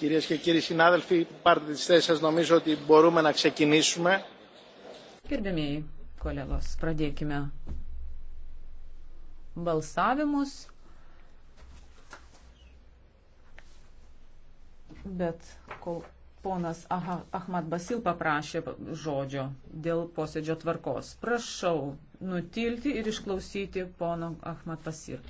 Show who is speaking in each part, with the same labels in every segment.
Speaker 1: Κυρίες και κύριοι συνάδελφοι, πάρτε τις θέσεις σας. Νομίζω ότι μπορούμε να ξεκινήσουμε. Gerbėmiai kolegos, pradėkime balsavimus. Bet kol ponas Ahmad Basil paprašė žodžio dėl posėdžio tvarkos. Prašau nutilti ir išklausyti pono Ahmad Basil.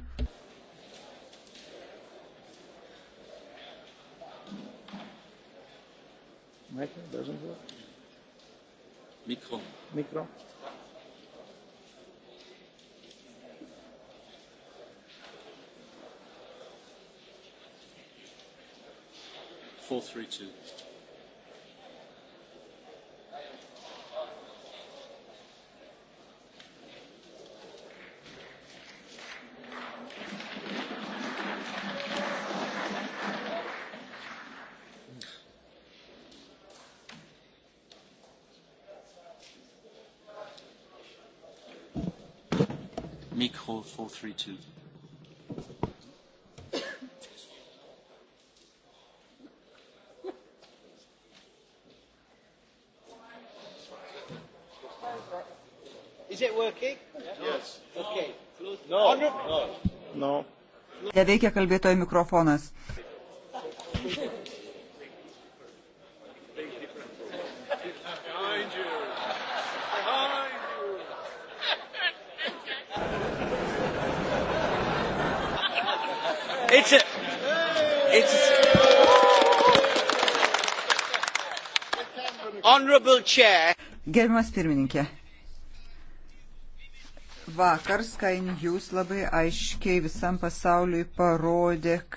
Speaker 1: Michael, doesn't work. Mikro. Mikro. Four, three, two. Micro 432. Is it working? Yes. Okay. No. No. no. Neveikia kalbėtojo mikrofonas. Behind you. It's a, it's a, honorable chair. Gerbiamas pirmininkė, vakar Sky News labai aiškiai visam pasauliui parodė, kaip